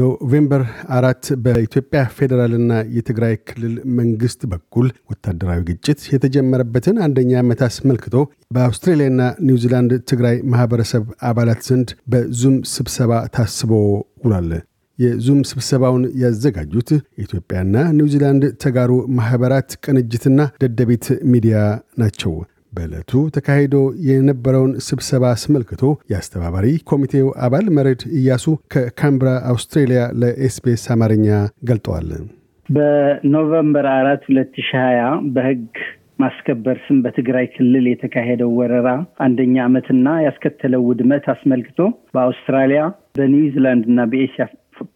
ኖቬምበር አራት በኢትዮጵያ ፌዴራልና የትግራይ ክልል መንግስት በኩል ወታደራዊ ግጭት የተጀመረበትን አንደኛ ዓመት አስመልክቶ በአውስትሬሊያና ኒውዚላንድ ትግራይ ማህበረሰብ አባላት ዘንድ በዙም ስብሰባ ታስቦ ውሏል። የዙም ስብሰባውን ያዘጋጁት የኢትዮጵያና ኒውዚላንድ ተጋሩ ማኅበራት ቅንጅትና ደደቤት ሚዲያ ናቸው። በዕለቱ ተካሂዶ የነበረውን ስብሰባ አስመልክቶ የአስተባባሪ ኮሚቴው አባል መሬድ እያሱ ከካምብራ አውስትሬሊያ ለኤስቢኤስ አማርኛ ገልጠዋል። በኖቨምበር አራት ሁለት ሺ ሀያ በህግ ማስከበር ስም በትግራይ ክልል የተካሄደው ወረራ አንደኛ ዓመትና ያስከተለው ውድመት አስመልክቶ በአውስትራሊያ በኒውዚላንድ እና በኤስያ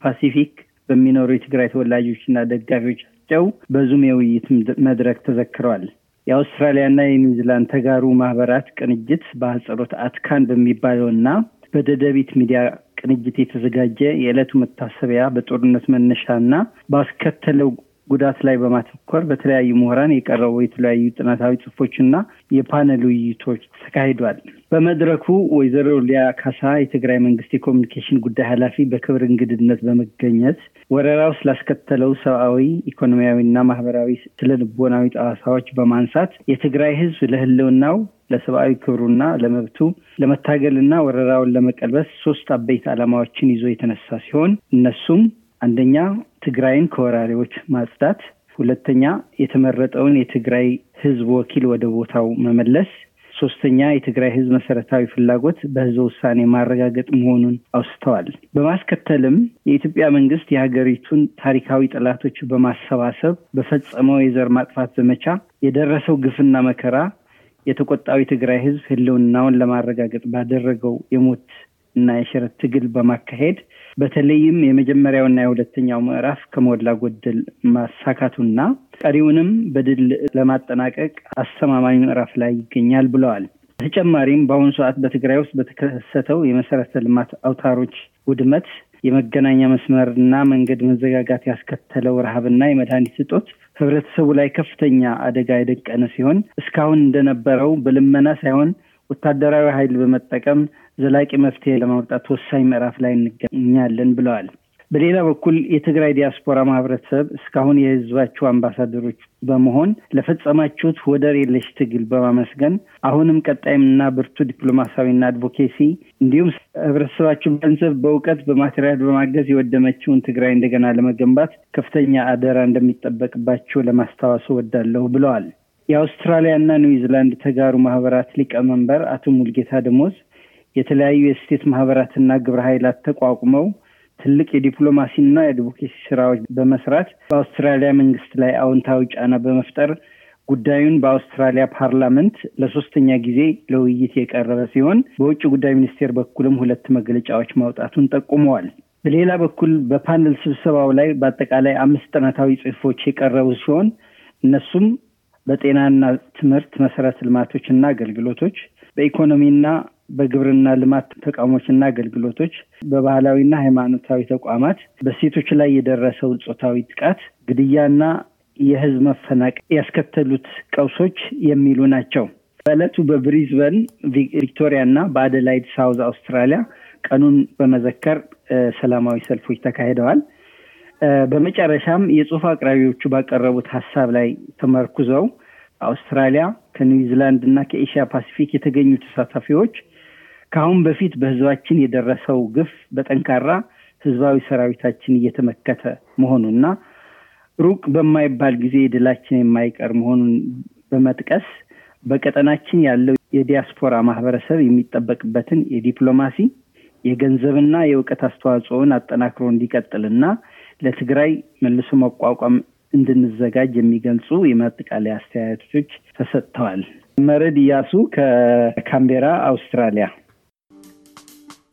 ፓሲፊክ በሚኖሩ የትግራይ ተወላጆችና ደጋፊዎቻቸው በዙም የውይይት መድረክ ተዘክረዋል። የአውስትራሊያና የኒውዚላንድ ተጋሩ ማህበራት ቅንጅት በአህጸሮት አትካን በሚባለውና በደደቢት ሚዲያ ቅንጅት የተዘጋጀ የዕለቱ መታሰቢያ በጦርነት መነሻና ባስከተለው ጉዳት ላይ በማተኮር በተለያዩ ምሁራን የቀረቡ የተለያዩ ጥናታዊ ጽሁፎችና የፓነል ውይይቶች ተካሂዷል። በመድረኩ ወይዘሮ ሊያ ካሳ የትግራይ መንግስት የኮሚኒኬሽን ጉዳይ ኃላፊ በክብር እንግድነት በመገኘት ወረራው ስላስከተለው ሰብአዊ፣ ኢኮኖሚያዊና ማህበራዊ ስለልቦናዊ ጣሳዎች ጠባሳዎች በማንሳት የትግራይ ህዝብ ለህልውናው ለሰብአዊ ክብሩና ለመብቱ ለመታገልና ወረራውን ለመቀልበስ ሶስት አበይት ዓላማዎችን ይዞ የተነሳ ሲሆን እነሱም አንደኛ ትግራይን ከወራሪዎች ማጽዳት፣ ሁለተኛ የተመረጠውን የትግራይ ህዝብ ወኪል ወደ ቦታው መመለስ፣ ሶስተኛ የትግራይ ህዝብ መሰረታዊ ፍላጎት በህዝብ ውሳኔ ማረጋገጥ መሆኑን አውስተዋል። በማስከተልም የኢትዮጵያ መንግስት የሀገሪቱን ታሪካዊ ጠላቶች በማሰባሰብ በፈጸመው የዘር ማጥፋት ዘመቻ የደረሰው ግፍና መከራ የተቆጣዊ ትግራይ ህዝብ ህልውናውን ለማረጋገጥ ባደረገው የሞት እና የሽረት ትግል በማካሄድ በተለይም የመጀመሪያውና የሁለተኛው ምዕራፍ ከሞላ ጎደል ማሳካቱና ቀሪውንም በድል ለማጠናቀቅ አስተማማኝ ምዕራፍ ላይ ይገኛል ብለዋል። በተጨማሪም በአሁኑ ሰዓት በትግራይ ውስጥ በተከሰተው የመሰረተ ልማት አውታሮች ውድመት፣ የመገናኛ መስመርና መንገድ መዘጋጋት ያስከተለው ረሃብና የመድኃኒት እጦት ህብረተሰቡ ላይ ከፍተኛ አደጋ የደቀነ ሲሆን እስካሁን እንደነበረው በልመና ሳይሆን ወታደራዊ ኃይል በመጠቀም ዘላቂ መፍትሄ ለማውጣት ወሳኝ ምዕራፍ ላይ እንገኛለን ብለዋል። በሌላ በኩል የትግራይ ዲያስፖራ ማህበረሰብ እስካሁን የህዝባቸው አምባሳደሮች በመሆን ለፈጸማችሁት ወደር የለሽ ትግል በማመስገን አሁንም ቀጣይምና ብርቱ ዲፕሎማሲያዊና አድቮኬሲ እንዲሁም ህብረተሰባችሁ ገንዘብ፣ በእውቀት፣ በማቴሪያል በማገዝ የወደመችውን ትግራይ እንደገና ለመገንባት ከፍተኛ አደራ እንደሚጠበቅባቸው ለማስታወስ እወዳለሁ ብለዋል። የአውስትራሊያና ኒውዚላንድ ተጋሩ ማህበራት ሊቀመንበር አቶ ሙልጌታ ደሞዝ የተለያዩ የስቴት ማህበራትና ግብረ ኃይላት ተቋቁመው ትልቅ የዲፕሎማሲና የአድቮኬሲ ስራዎች በመስራት በአውስትራሊያ መንግስት ላይ አዎንታዊ ጫና በመፍጠር ጉዳዩን በአውስትራሊያ ፓርላመንት ለሶስተኛ ጊዜ ለውይይት የቀረበ ሲሆን በውጭ ጉዳይ ሚኒስቴር በኩልም ሁለት መግለጫዎች ማውጣቱን ጠቁመዋል። በሌላ በኩል በፓነል ስብሰባው ላይ በአጠቃላይ አምስት ጥናታዊ ጽሁፎች የቀረቡ ሲሆን እነሱም በጤናና ትምህርት መሰረተ ልማቶች እና አገልግሎቶች፣ በኢኮኖሚና በግብርና ልማት ተቋሞችና አገልግሎቶች፣ በባህላዊና ሃይማኖታዊ ተቋማት በሴቶች ላይ የደረሰው ጾታዊ ጥቃት፣ ግድያና የህዝብ መፈናቀል ያስከተሉት ቀውሶች የሚሉ ናቸው። በዕለቱ በብሪዝበን ቪክቶሪያ ና በአደላይድ ሳውዝ አውስትራሊያ ቀኑን በመዘከር ሰላማዊ ሰልፎች ተካሂደዋል። በመጨረሻም የጽሁፍ አቅራቢዎቹ ባቀረቡት ሀሳብ ላይ ተመርኩዘው አውስትራሊያ ከኒውዚላንድ እና ከኤሽያ ፓሲፊክ የተገኙ ተሳታፊዎች ከአሁን በፊት በህዝባችን የደረሰው ግፍ በጠንካራ ህዝባዊ ሰራዊታችን እየተመከተ መሆኑና ሩቅ በማይባል ጊዜ ድላችን የማይቀር መሆኑን በመጥቀስ በቀጠናችን ያለው የዲያስፖራ ማህበረሰብ የሚጠበቅበትን የዲፕሎማሲ የገንዘብና የእውቀት አስተዋጽኦን አጠናክሮ እንዲቀጥልና ለትግራይ መልሶ መቋቋም እንድንዘጋጅ የሚገልጹ የማጠቃለያ አስተያየቶች ተሰጥተዋል። መረድ እያሱ ከካምቤራ አውስትራሊያ